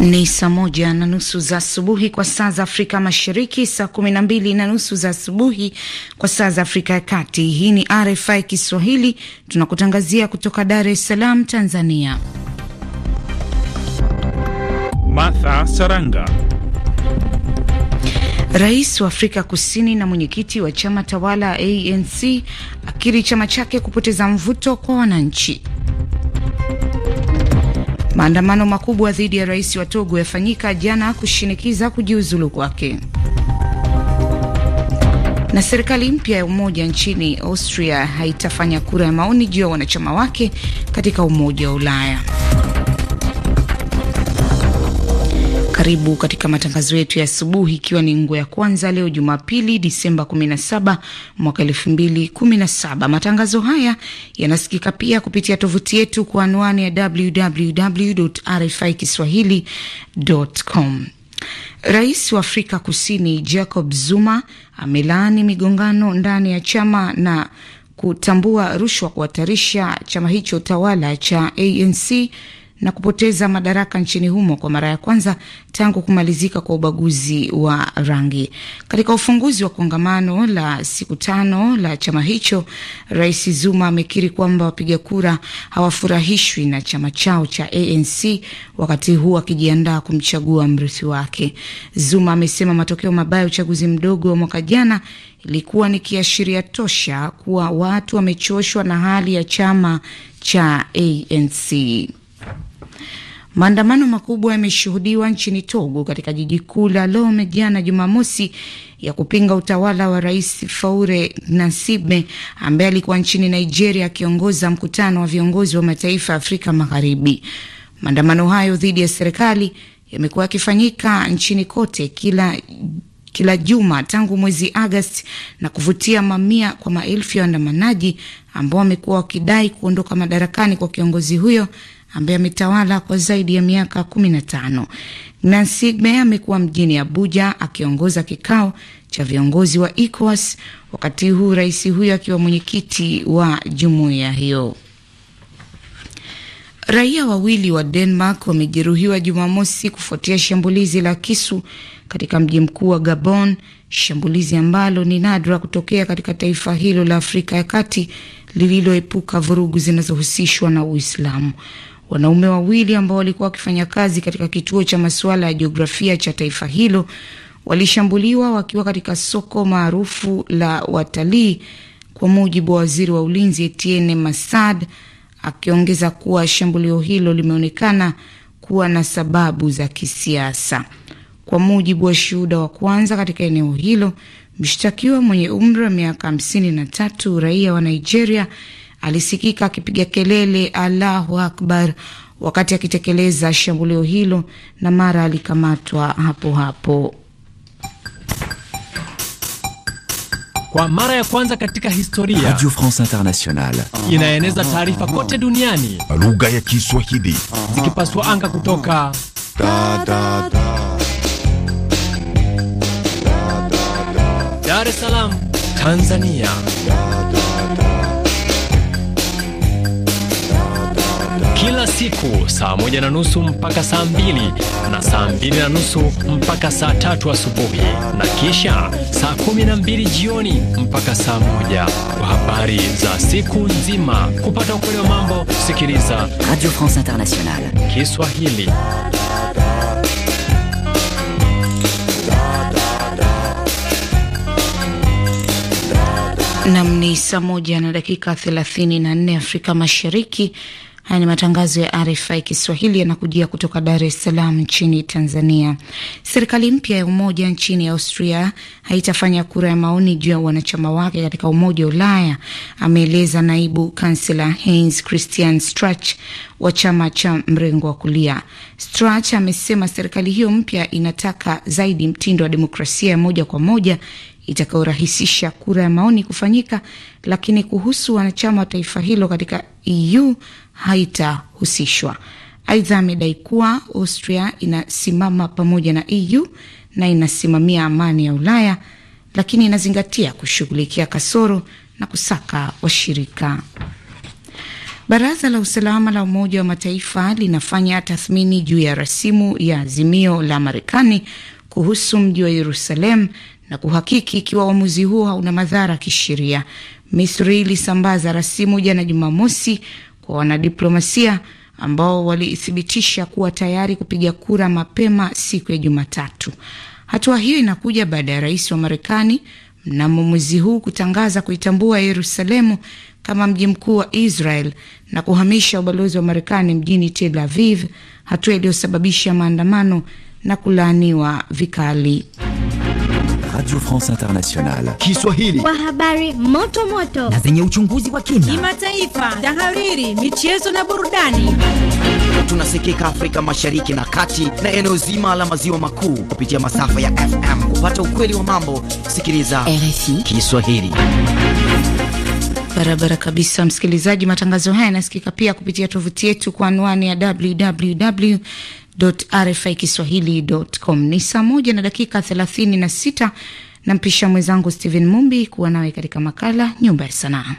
Ni saa moja na nusu za asubuhi kwa saa za Afrika Mashariki, saa kumi na mbili na nusu za asubuhi kwa saa za Afrika ya Kati. Hii ni RFI Kiswahili, tunakutangazia kutoka Dar es Salaam, Tanzania. Martha Saranga. Rais wa Afrika Kusini na mwenyekiti wa chama tawala ANC akiri chama chake kupoteza mvuto kwa wananchi. Maandamano makubwa dhidi ya rais wa Togo yafanyika jana kushinikiza kujiuzulu kwake. Na serikali mpya ya umoja nchini Austria haitafanya kura ya maoni juu ya wanachama wake katika Umoja wa Ulaya. Karibu katika matangazo yetu ya asubuhi, ikiwa ni nguo ya kwanza leo Jumapili, Disemba 17 mwaka 2017. Matangazo haya yanasikika pia kupitia tovuti yetu kwa anwani ya www RFI kiswahilicom. Rais wa Afrika Kusini Jacob Zuma amelaani migongano ndani ya chama na kutambua rushwa kuhatarisha chama hicho tawala cha ANC na kupoteza madaraka nchini humo kwa mara ya kwanza tangu kumalizika kwa ubaguzi wa rangi. Katika ufunguzi wa kongamano la siku tano la chama hicho, Rais Zuma amekiri kwamba wapiga kura hawafurahishwi na chama chao cha ANC wakati huu akijiandaa kumchagua mrithi wake. Zuma amesema matokeo mabaya ya uchaguzi mdogo wa mwaka jana ilikuwa ni kiashiria tosha kuwa watu wamechoshwa na hali ya chama cha ANC. Maandamano makubwa yameshuhudiwa nchini Togo katika jiji kuu la Lome jana Jumamosi ya kupinga utawala wa Rais Faure Gnassingbe ambaye alikuwa nchini Nigeria akiongoza mkutano wa viongozi wa mataifa ya Afrika Magharibi. Maandamano hayo dhidi ya serikali yamekuwa yakifanyika nchini kote kila kila juma tangu mwezi Agosti na kuvutia mamia kwa maelfu ya waandamanaji ambao wamekuwa wakidai kuondoka madarakani kwa kiongozi huyo ambaye ametawala kwa zaidi ya miaka na tano. Igbe amekuwa mjini Abuja akiongoza kikao cha viongozi wa ECOWAS, wakati huu rais huyo akiwa mwenyekiti wa jumuiya hiyo. Raia wawili wa Denmark wamejeruhiwa Jumamosi kufuatia shambulizi la kisu katika mji mkuu wa Gabon, shambulizi ambalo ni nadra kutokea katika taifa hilo la Afrika ya Kati lililoepuka vurugu zinazohusishwa na Uislamu. Wanaume wawili ambao walikuwa wakifanya kazi katika kituo cha masuala ya jiografia cha taifa hilo walishambuliwa wakiwa katika soko maarufu la watalii, kwa mujibu wa waziri wa ulinzi Etienne Masad, akiongeza kuwa shambulio hilo limeonekana kuwa na sababu za kisiasa. Kwa mujibu wa shuhuda wa kwanza katika eneo hilo, mshtakiwa mwenye umri wa miaka hamsini na tatu, raia wa Nigeria alisikika akipiga kelele Allahu Akbar wakati akitekeleza shambulio hilo na mara alikamatwa hapo hapo. Kwa mara ya kwanza katika historia, Radio France Internationale inaeneza taarifa kote duniani lugha ya Kiswahili zikipaswa anga kutoka da, da, da. Dar es Salaam, Tanzania. kila siku saa moja na nusu mpaka saa mbili na saa mbili na nusu mpaka saa tatu asubuhi na kisha saa kumi na mbili jioni mpaka saa moja kwa habari za siku nzima. Kupata ukweli wa mambo, sikiliza Radio France International Kiswahili. Nam ni saa moja na dakika 34 Afrika Mashariki, Haya ni matangazo ya RFI Kiswahili yanakujia kutoka Dar es Salaam nchini Tanzania. Serikali mpya ya umoja nchini Austria haitafanya kura ya maoni juu ya wanachama wake katika Umoja wa Ulaya, ameeleza naibu kansela Heinz Christian Strach wa chama cha mrengo wa kulia. Strach amesema serikali hiyo mpya inataka zaidi mtindo wa demokrasia ya moja kwa moja itakayorahisisha kura ya maoni kufanyika, lakini kuhusu wanachama wa taifa hilo katika EU haitahusishwa. Aidha, amedai kuwa Austria inasimama pamoja na EU na inasimamia amani ya Ulaya, lakini inazingatia kushughulikia kasoro na kusaka washirika. Baraza la usalama la Umoja wa Mataifa linafanya tathmini juu ya rasimu ya azimio la Marekani kuhusu mji wa Yerusalem na kuhakiki ikiwa uamuzi huo hauna madhara kisheria. Misri ilisambaza rasimu jana Jumamosi kwa wanadiplomasia ambao walithibitisha kuwa tayari kupiga kura mapema siku ya Jumatatu. Hatua hiyo inakuja baada ya rais wa Marekani mnamo mwezi huu kutangaza kuitambua Yerusalemu kama mji mkuu wa Israel na kuhamisha ubalozi wa Marekani mjini Tel Aviv, hatua iliyosababisha maandamano na kulaaniwa vikali. Radio France Internationale Kiswahili kwa habari moto moto na zenye uchunguzi wa kina, kimataifa, tahariri, michezo na burudani. Tunasikika Afrika Mashariki na Kati na eneo zima la maziwa makuu kupitia masafa ya FM. Kupata ukweli wa mambo, sikiliza RFI Kiswahili barabara kabisa, msikilizaji. Matangazo haya yanasikika pia kupitia tovuti yetu kwa anwani ya www RFI Kiswahili.com. Ni saa moja na dakika 36. mpisha mwenzangu Steven Mumbi kuwa nawe katika makala Nyumba ya Sanaa.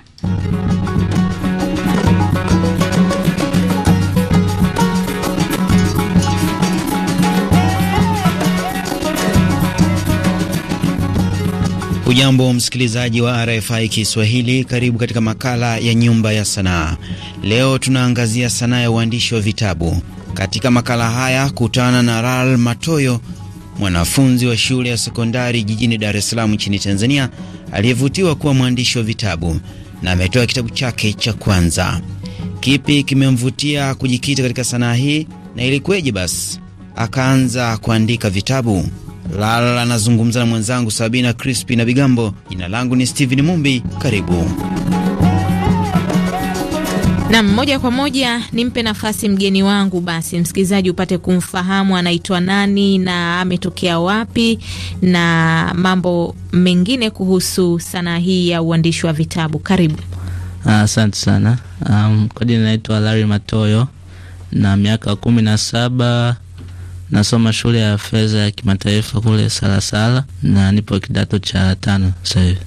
Ujambo msikilizaji wa RFI Kiswahili, karibu katika makala ya Nyumba ya Sanaa. Leo tunaangazia sanaa ya uandishi wa vitabu. Katika makala haya kutana na Ral Matoyo, mwanafunzi wa shule ya sekondari jijini Dar es Salaam nchini Tanzania, aliyevutiwa kuwa mwandishi wa vitabu na ametoa kitabu chake cha kwanza. Kipi kimemvutia kujikita katika sanaa hii na ilikuweje basi akaanza kuandika vitabu? Ral anazungumza na mwenzangu Sabina Crispi na Bigambo. Jina langu ni Steven Mumbi, karibu. Nam moja kwa moja nimpe nafasi mgeni wangu basi, msikilizaji upate kumfahamu anaitwa nani na ametokea wapi na mambo mengine kuhusu sanaa hii ya uandishi wa vitabu. Karibu. Asante uh, sana. Um, kwa jina naitwa Larry Matoyo na miaka kumi na saba nasoma shule ya fedha ya kimataifa kule Salasala na nipo kidato cha tano sasa hivi.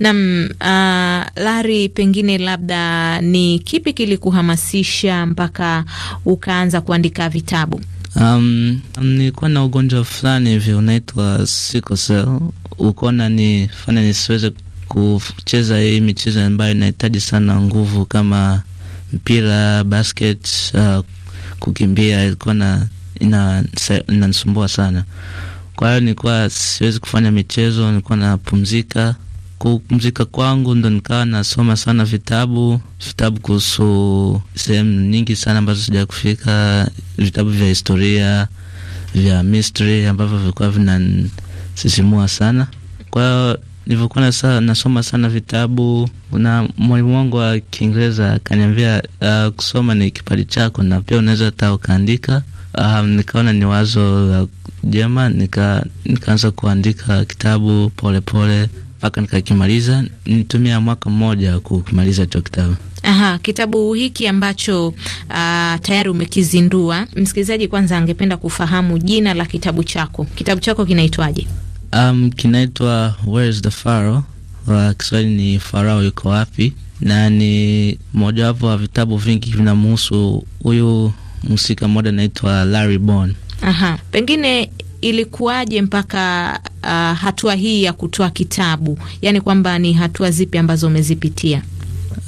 Nam uh, ah, Lari, pengine labda ni kipi kilikuhamasisha mpaka ukaanza kuandika vitabu? Um, nilikuwa na ugonjwa fulani hivi unaitwa sickle cell, ukona nifanya nisiweze kucheza hii michezo ambayo inahitaji sana nguvu kama mpira, basket, uh, kukimbia ilikuwa na inanisumbua sana. Kwa hiyo nilikuwa siwezi kufanya michezo, nilikuwa napumzika Kupumzika kwangu ndo nikawa nasoma sana vitabu vitabu kuhusu sehemu nyingi sana ambazo sija kufika, vitabu vya historia vya mystery ambavyo vilikuwa vinasisimua sana. Kwa hiyo nilivyokuwa nasoma sana vitabu, kuna mwalimu wangu wa Kiingereza akaniambia, uh, kusoma ni kipaji chako na pia unaweza hata ukaandika. Uh, nikaona ni wazo la uh, jema, nikaanza nika kuandika kitabu polepole pole mpaka nikakimaliza. Nitumia mwaka mmoja kumaliza hicho kitabu. Aha, kitabu hiki ambacho uh, tayari umekizindua, msikilizaji kwanza angependa kufahamu jina la kitabu chako. Kitabu chako kinaitwaje? Um, kinaitwa Where is the Pharaoh, kwa Kiswahili ni Farao yuko wapi, na ni mojawapo wa vitabu vingi vinamhusu huyu mhusika mmoja anaitwa Larry Aha, pengine ilikuwaje mpaka uh, hatua hii ya kutoa kitabu, yaani kwamba ni hatua zipi ambazo umezipitia?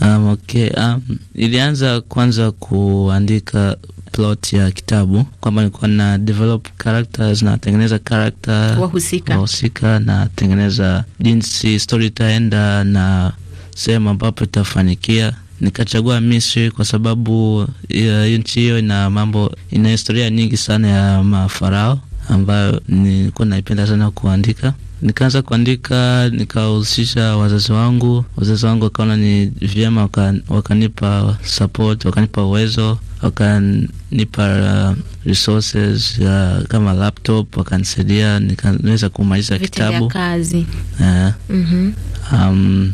Um, okay. Um, ilianza kwanza kuandika plot ya kitabu kwamba nilikuwa na develop characters, tengeneza character wahusika, wahusika natengeneza jinsi story itaenda na sehemu ambapo itafanikia. Nikachagua Misri kwa sababu uh, nchi hiyo ina mambo, ina historia nyingi sana ya mafarao ambayo nilikuwa naipenda sana kuandika. Nikaanza kuandika, nikahusisha wazazi wangu. Wazazi wangu wakaona ni vyema, wakanipa support, wakanipa uwezo, wakanipa uh, resources uh, kama laptop, wakanisaidia nikaweza kumaliza kitabu kazi. Yeah. Mm -hmm. Um,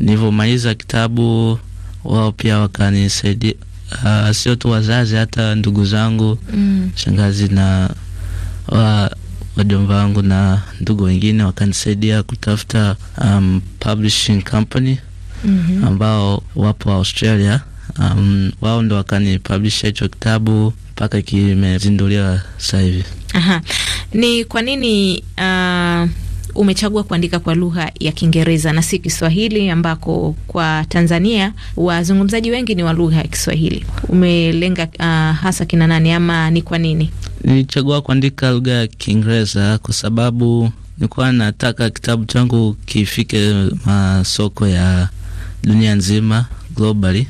nilivyomaliza kitabu wao pia wakanisaidia, uh, sio tu wazazi, hata ndugu zangu mm. shangazi na wa wajomba wangu na ndugu wengine wakanisaidia kutafuta um, publishing company mm -hmm. ambao wapo Australia. Um, wao ndo wakanipublisha hicho kitabu mpaka kimezinduliwa sasa hivi. Aha. Ni kwa nini uh, umechagua kuandika kwa lugha ya Kiingereza na si Kiswahili ambako kwa Tanzania wazungumzaji wengi ni wa lugha ya Kiswahili? Umelenga uh, hasa kina nani ama ni kwa nini? Nilichagua kuandika lugha ya Kiingereza kwa sababu nilikuwa nataka kitabu changu kifike masoko ya dunia nzima, globally,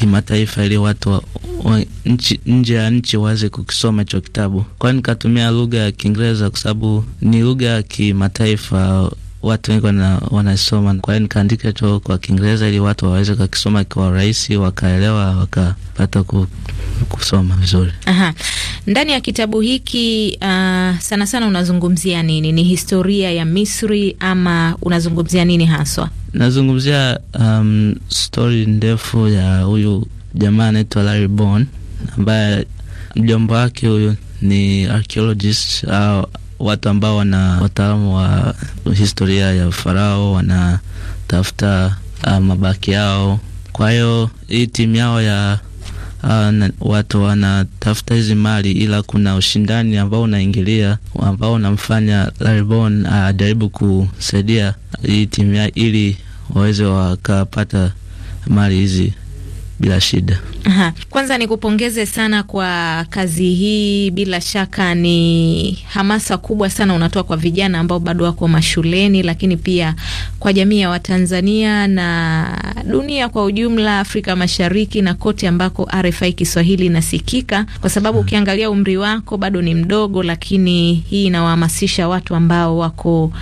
kimataifa, ili watu wa, wa, nchi, nje ya nchi waweze kukisoma hicho kitabu. Kwa nikatumia lugha ya Kiingereza kwa sababu ni lugha ya kimataifa watu wengi wanasoma. Kwa hiyo nikaandika tu kwa Kiingereza ili watu waweze kakisoma kwa urahisi, wakaelewa, wakapata ku, kusoma vizuri. Aha. Ndani ya kitabu hiki uh, sana sana unazungumzia nini? Ni historia ya Misri ama unazungumzia nini haswa? Nazungumzia um, stori ndefu ya huyu jamaa anaitwa Larry ambaye mjomba wake huyu ni archaeologist au uh, watu ambao wana wataalamu wa historia ya Farao wanatafuta uh, mabaki yao. Kwa hiyo hii timu yao ya uh, watu wanatafuta hizi mali, ila kuna ushindani ambao unaingilia ambao unamfanya Laribon ah, ajaribu uh, kusaidia hii timu yao ili waweze wakapata mali hizi bila shida. Aha. Kwanza nikupongeze sana kwa kazi hii, bila shaka ni hamasa kubwa sana unatoa kwa vijana ambao bado wako mashuleni, lakini pia kwa jamii ya Watanzania na dunia kwa ujumla, Afrika Mashariki na kote ambako RFI Kiswahili inasikika, kwa sababu ukiangalia umri wako bado ni mdogo, lakini hii inawahamasisha watu ambao wako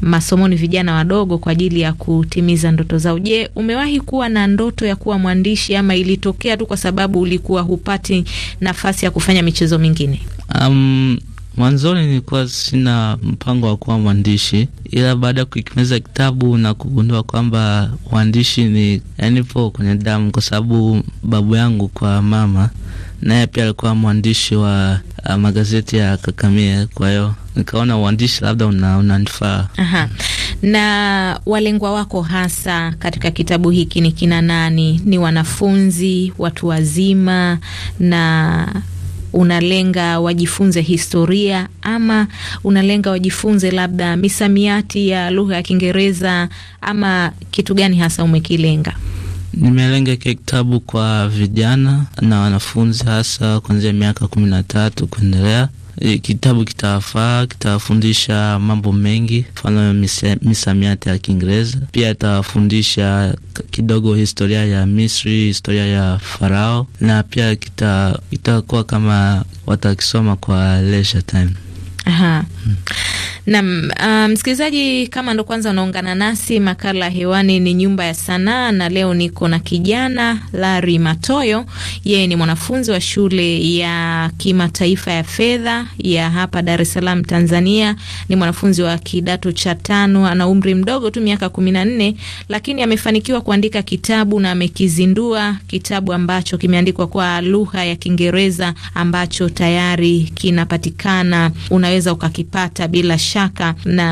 masomoni, vijana wadogo, kwa ajili ya kutimiza ndoto zao. Je, umewahi kuwa na ndoto ya kuwa mwandishi ama ama ilitokea tu kwa sababu ulikuwa hupati nafasi ya kufanya michezo mingine? Um, mwanzoni nilikuwa sina mpango wa kuwa mwandishi, ila baada ya kukimeza kitabu na kugundua kwamba uandishi ni yanipo kwenye damu, kwa sababu babu yangu kwa mama naye pia alikuwa mwandishi wa ah, magazeti ya Kakamia, kwa hiyo nikaona uandishi labda unanifaa. una na walengwa wako hasa katika kitabu hiki ni kina nani? Ni wanafunzi, watu wazima, na unalenga wajifunze historia ama unalenga wajifunze labda misamiati ya lugha ya Kiingereza ama kitu gani hasa umekilenga? Nimelenga kitabu kwa vijana na wanafunzi hasa kuanzia miaka kumi na tatu kuendelea E, kitabu kitafaa, kitafundisha mambo mengi, mfano misamiati ya Kiingereza. Pia atawafundisha kidogo historia ya Misri, historia ya Farao, na pia kitakuwa kita kama watakisoma kwa leisure time. Aha. Hmm. Nam um, msikilizaji, um, kama ndo kwanza unaungana nasi, makala hewani ni nyumba ya sanaa, na leo niko na kijana Lari Matoyo. Yeye ni mwanafunzi wa shule ya kimataifa ya fedha ya hapa Dar es Salaam, Tanzania. Ni mwanafunzi wa kidato cha tano, ana umri mdogo tu, miaka kumi na nne, lakini amefanikiwa kuandika kitabu na amekizindua kitabu ambacho kimeandikwa kwa lugha ya Kiingereza ambacho tayari kinapatikana, unaweza ukakipata bila shaka, na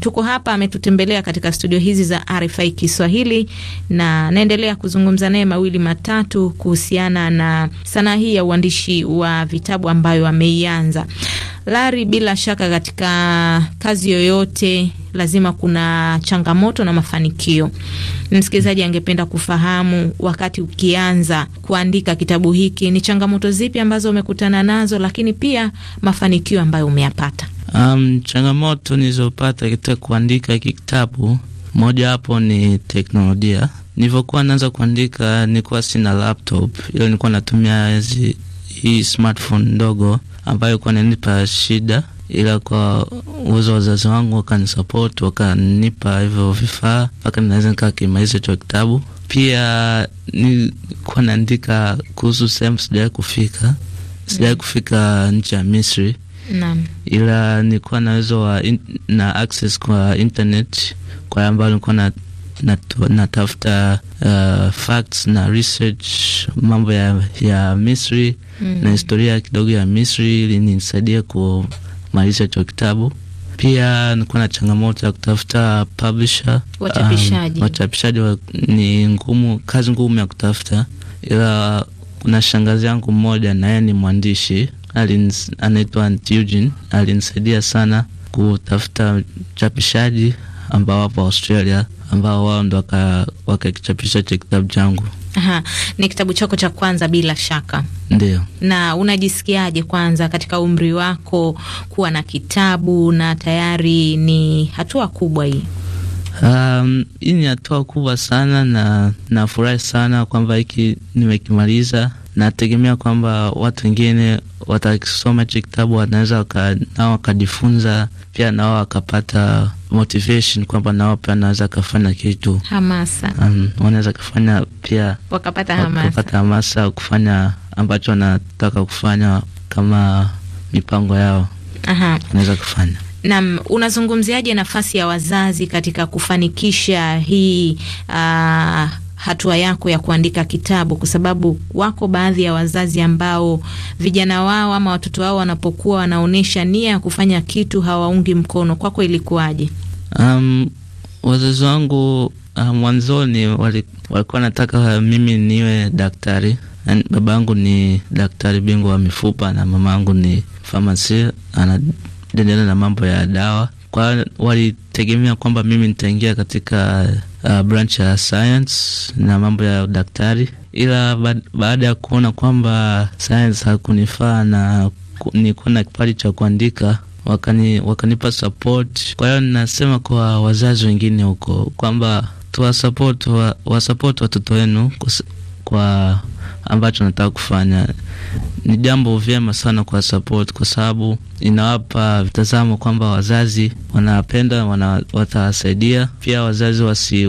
tuko hapa, ametutembelea katika studio hizi za RFI Kiswahili na naendelea kuzungumza naye mawili matatu kuhusiana na sanaa hii ya uandishi wa vitabu ambayo ameianza. Lari, bila shaka katika kazi yoyote lazima kuna changamoto na mafanikio. Msikilizaji angependa kufahamu wakati ukianza kuandika kitabu hiki, ni changamoto zipi ambazo umekutana nazo, lakini pia mafanikio ambayo umeyapata? Um, changamoto nilizopata katika kuandika kitabu moja hapo ni teknolojia. Nilivyokuwa naanza kuandika, nilikuwa sina laptop, ila nilikuwa natumia hii smartphone ndogo ambayo ilikuwa inanipa shida, ila kwa uwezo wa wazazi wangu wakanisupport, wakanipa hivyo vifaa mpaka ninaweza nikaa kimaliza hicho kitabu. Pia nilikuwa naandika kuhusu sehemu sijawahi kufika, sijawahi kufika nchi ya Misri Ila nilikuwa na uwezo wa in, na access kwa internet kwa ambayo nilikuwa na natafuta uh, facts na research mambo ya, ya Misri mm. na historia kidogo ya Misri ili nisaidia kumaliza cho kitabu. Pia nilikuwa na changamoto ya kutafuta publisher, um, wachapishaji um, wachapishaji wa, ni ngumu, kazi ngumu ya kutafuta, ila kuna shangazi yangu mmoja, na yeye ni mwandishi, anaitwa Eugene, alinisaidia sana kutafuta mchapishaji ambao wapo Australia, ambao wao ndo wakakichapisha cha kitabu changu. Aha, ni kitabu chako cha kwanza bila shaka. Ndio. Na unajisikiaje kwanza katika umri wako kuwa na kitabu na tayari ni hatua kubwa hii? Um, hii ni hatua kubwa sana na nafurahi sana kwamba hiki nimekimaliza. Nategemea kwamba watu wengine watakisoma hichi kitabu, wanaweza waka, nao wakajifunza pia, nao wakapata motivation kwamba nao pia wanaweza kafanya kitu hamasa. Um, wanaweza kafanya pia wakapata hamasa, wakapata hamasa kufanya ambacho wanataka kufanya kama mipango yao wanaweza kufanya Naam, unazungumziaje nafasi ya wazazi katika kufanikisha hii uh, hatua yako ya kuandika kitabu, kwa sababu wako baadhi ya wazazi ambao vijana wao ama watoto wao wanapokuwa wanaonyesha nia ya kufanya kitu hawaungi mkono. Kwako ilikuwaje? Um, wazazi wangu ah, mwanzoni um, walikuwa nataka mimi niwe daktari. Babangu ni daktari bingwa wa mifupa na mamangu ni famasi ana kuendelea na mambo ya dawa kwa walitegemea kwamba mimi nitaingia katika uh, branch ya science na mambo ya udaktari, ila baada ya kuona kwamba science hakunifaa na nilikuwa na kipadi cha kuandika wakani, wakanipa support. Kwa hiyo ninasema kwa wazazi wengine huko kwamba tuwasupport, wasapoti watoto wenu kwa ambacho nataka kufanya ni jambo vyema sana kwa support, kwa sababu inawapa mtazamo kwamba wazazi wanawapenda, wana, watawasaidia pia. Wazazi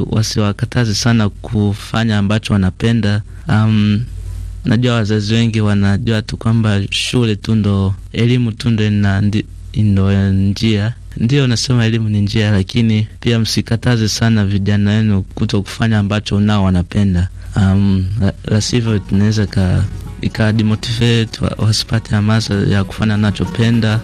wasiwakataze wasi sana kufanya ambacho wanapenda. Um, najua wazazi wengi wanajua tu kwamba shule tu ndo elimu tu ndo ndo njia ndio nasema elimu ni njia, lakini pia msikataze sana vijana wenu kuto kufanya ambacho nao wanapenda um, la, sivyo tunaweza ka wasipate hamasa ya kufanya anachopenda.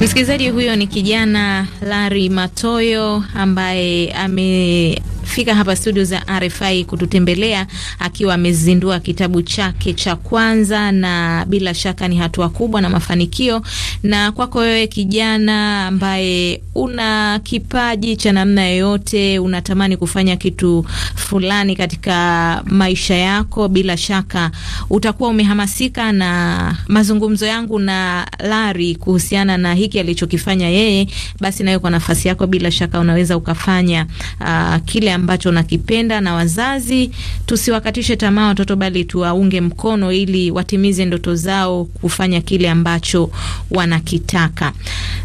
Msikilizaji huyo ni kijana Lari Matoyo ambaye ame amefika hapa studio za RFI kututembelea akiwa amezindua kitabu chake cha kwanza, na bila shaka ni hatua kubwa na mafanikio. Na kwako wewe kijana ambaye una kipaji cha namna yoyote, unatamani kufanya kitu fulani katika maisha yako, bila shaka utakuwa umehamasika na mazungumzo yangu na Lari kuhusiana na hiki alichokifanya yeye, basi nawe kwa nafasi yako bila shaka unaweza ukafanya uh, kile ambacho nakipenda, na wazazi tusiwakatishe tamaa watoto, bali tuwaunge mkono ili watimize ndoto zao, kufanya kile ambacho wanakitaka.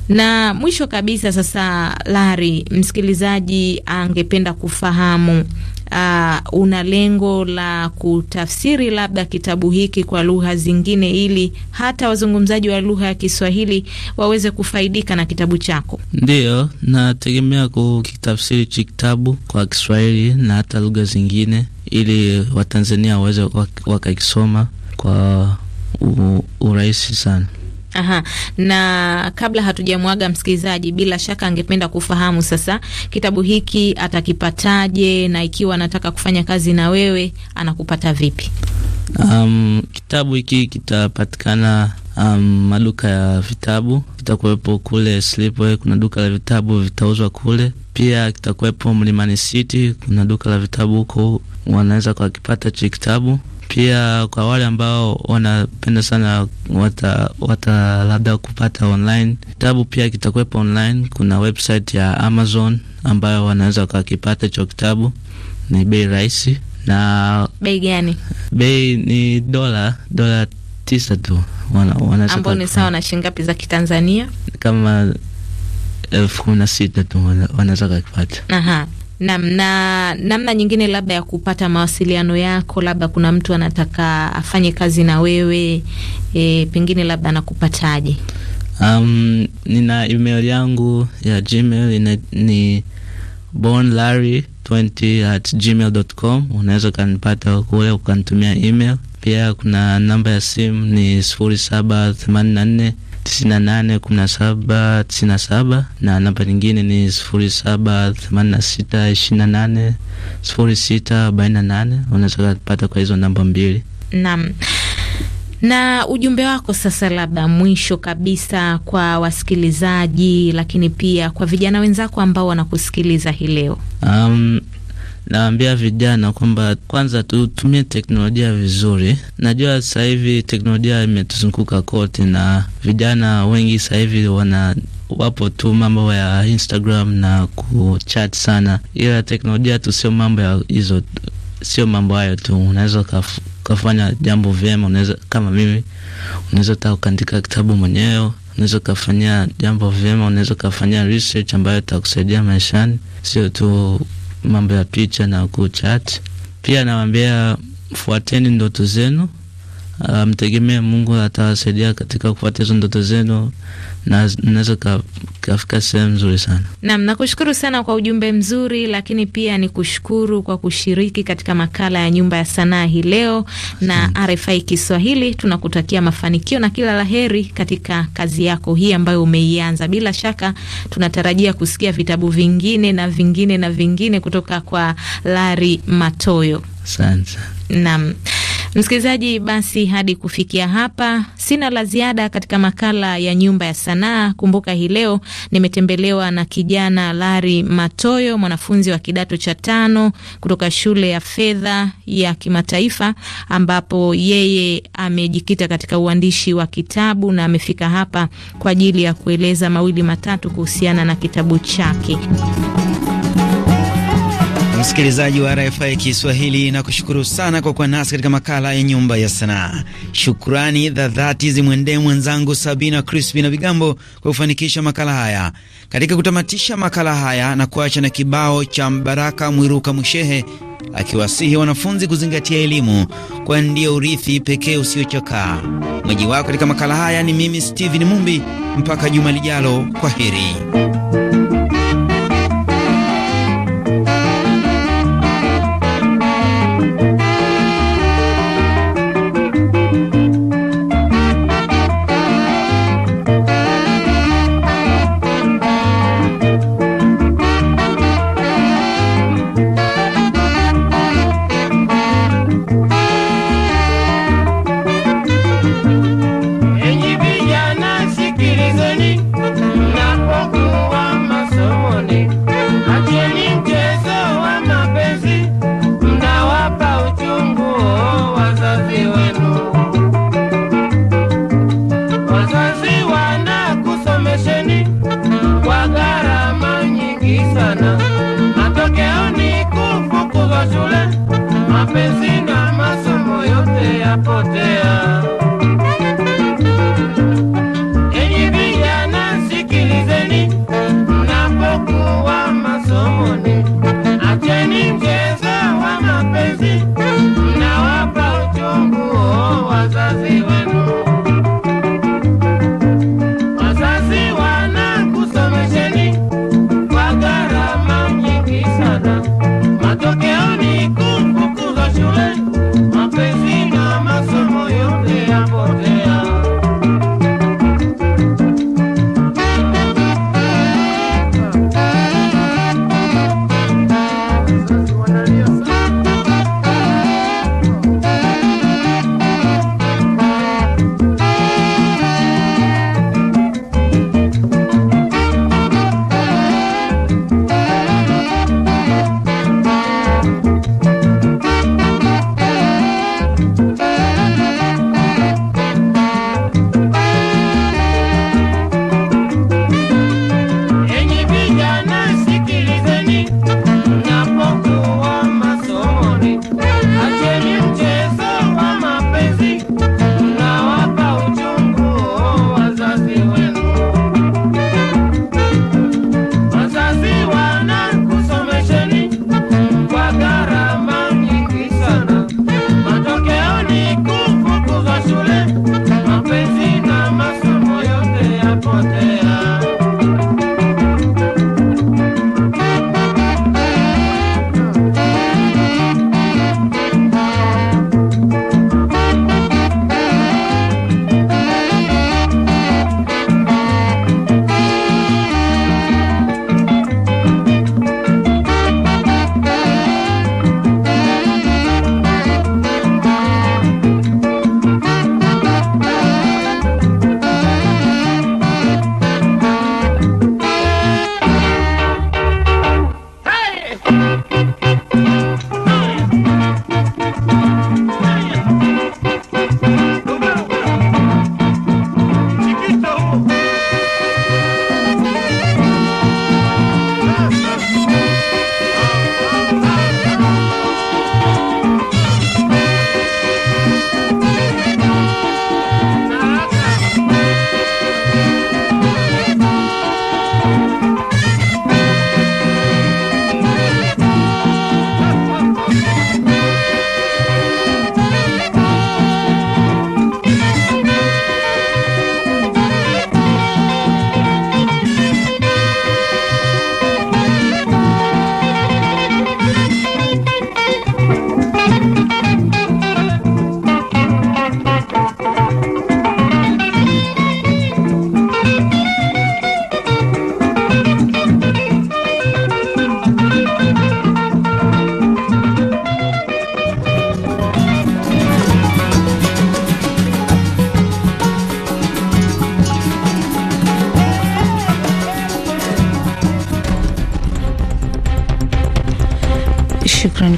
Na mwisho kabisa, sasa Lari, msikilizaji angependa kufahamu uh, una lengo la kutafsiri labda kitabu hiki kwa lugha zingine ili hata wazungumzaji wa lugha ya Kiswahili waweze kufaidika na kitabu chako? Ndiyo, nategemea kukitafsiri chi kitabu kwa Kiswahili na hata lugha zingine ili Watanzania waweze wakakisoma kwa urahisi sana. Aha. Na kabla hatujamwaga msikilizaji, bila shaka angependa kufahamu sasa kitabu hiki atakipataje, na ikiwa anataka kufanya kazi na wewe anakupata vipi? Um, kitabu hiki kitapatikana um, maduka ya vitabu, kitakuwepo kule Slipway, kuna duka la vitabu vitauzwa kule pia. Kitakuwepo Mlimani City, kuna duka la vitabu huko, wanaweza kwa kipata chi kitabu pia kwa wale ambao wanapenda sana wata, wata labda kupata online kitabu, pia kitakuwepo online. Kuna website ya Amazon ambayo wanaweza wakakipata hicho kitabu, ni bei rahisi. Na bei gani? Bei ni dola dola tisa tu, ambao ni sawa na shilingi ngapi za Kitanzania? Kama elfu kumi na sita tu wanaweza wakakipata. Aha namna na namna nyingine labda ya kupata mawasiliano yako, labda kuna mtu anataka afanye kazi na wewe e, pengine labda anakupataje? Um, nina email yangu ya Gmail ina, ni bonlarry20@gmail.com. Unaweza ukanipata kule ukanitumia email. Pia kuna namba ya simu ni sifuri saba themanini na nne 98 17 97 na namba nyingine ni 0786 28 06 48. Unaweza kupata kwa hizo namba mbili. Naam na ujumbe wako sasa, labda mwisho kabisa kwa wasikilizaji, lakini pia kwa vijana wenzako ambao wanakusikiliza hii leo. um, naambia vijana kwamba kwanza tutumie teknolojia vizuri. Najua sasa hivi teknolojia imetuzunguka kote, na vijana wengi sasa hivi wana wapo tu mambo ya Instagram na kuchat sana, ila teknolojia tu sio mambo ya hizo, sio mambo hayo tu. Unaweza ukafanya jambo vyema, unaweza kama mimi, unaweza taka ukaandika kitabu mwenyewe unaweza ukafanyia jambo vyema, unaweza ukafanyia research ambayo itakusaidia maishani, sio tu mambo ya picha na kuchat. Pia nawaambia fuateni ndoto zenu, ah, mtegemee Mungu atawasaidia katika kufuata hizo ndoto zenu na kafika sehemu nzuri sana. Naam, nakushukuru sana kwa ujumbe mzuri, lakini pia ni kushukuru kwa kushiriki katika makala ya Nyumba ya Sanaa hii leo na RFI Kiswahili. Tunakutakia mafanikio na kila laheri katika kazi yako hii ambayo umeianza. Bila shaka tunatarajia kusikia vitabu vingine na vingine na vingine kutoka kwa Lari Matoyo. Asante. Naam. Msikilizaji, basi hadi kufikia hapa sina la ziada katika makala ya Nyumba ya Sanaa sanaa kumbuka hii leo nimetembelewa na kijana Lari Matoyo, mwanafunzi wa kidato cha tano kutoka shule ya fedha ya kimataifa, ambapo yeye amejikita katika uandishi wa kitabu na amefika hapa kwa ajili ya kueleza mawili matatu kuhusiana na kitabu chake. Msikilizaji wa RFI Kiswahili, nakushukuru sana kwa kuwa nasi katika makala ya nyumba ya sanaa. Shukrani dha dhati zimwendee mwenzangu Sabina Crispi na Vigambo kwa kufanikisha makala haya. Katika kutamatisha makala haya na kuacha na kibao cha Mbaraka Mwiruka Mwishehe akiwasihi wanafunzi kuzingatia elimu, kwa ndiyo urithi pekee usiochakaa. Mweji wako katika makala haya ni mimi Steven Mumbi. Mpaka juma lijalo, kwa heri.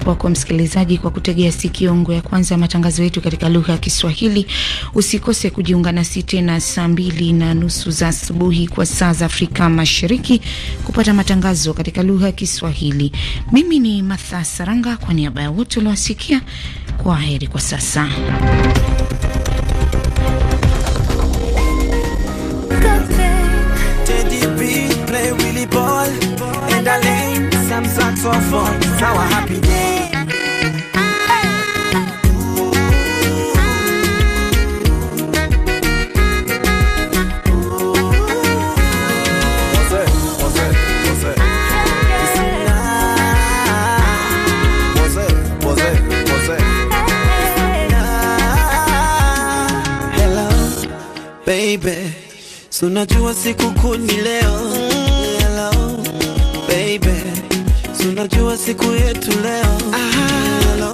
wako msikilizaji, kwa kutegea sikiongo ya kwanza ya matangazo yetu katika lugha ya Kiswahili. Usikose kujiunga nasi tena saa mbili na nusu za asubuhi kwa saa za Afrika Mashariki kupata matangazo katika lugha ya Kiswahili. Mimi ni matha Saranga, kwa niaba ya wote uliowasikia, kwa heri kwa sasa. Play Ball, and I lay some socks off our happy day. baby, sunajua siku kuni leo hello, baby, sunajua siku yetu leo hello,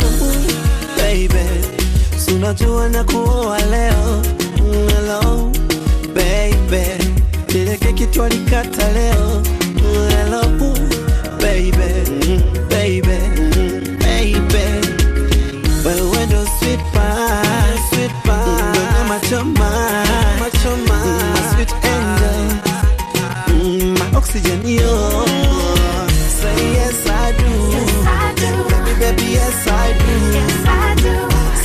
baby, sunajua na kuoa leo hello, baby, ile keki twalikata leo hello, baby, baby, baby, wewe ndo sweet pie, sweet pie, mama chama oxygen, yo. Say yes I, do. yes, I do. Baby, baby, yes, I do. Yes, I do.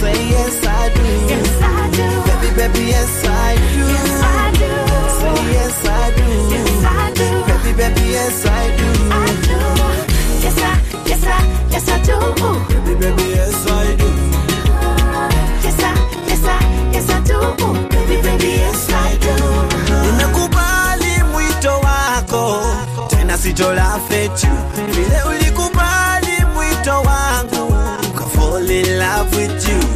Say yes, I do. Yes, I do. Baby, baby, yes, I do. Yes, I do. Say yes, I do. Yes, I do. Baby, baby, yes, I do. I do. Yes, I, yes, I, yes, I do. Baby, baby, yes, I do. Yes, I, yes, I, yes, I do. Baby, baby, yes. Wito la fetu vile ulikubali mwito wangu, ukafall in love with you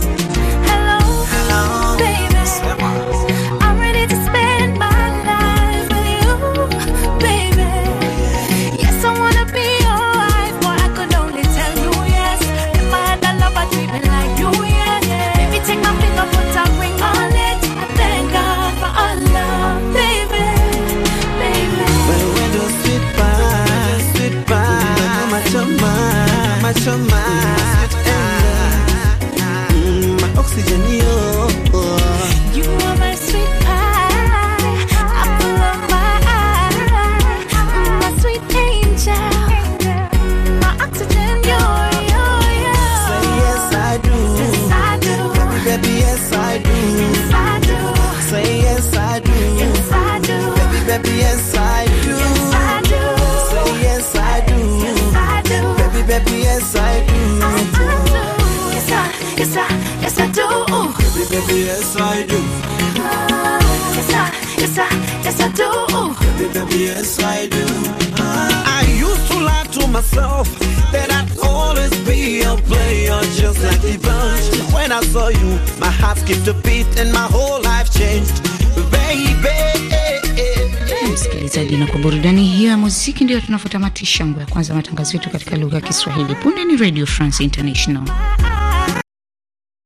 you. My heart skipped a beat and my whole life changed. Msikilizaji, na kwa burudani hiyo ya muziki ndiyo tunafutamatisha ngo ya kwanza matangazo yetu katika lugha ya Kiswahili. Punde ni Radio France International.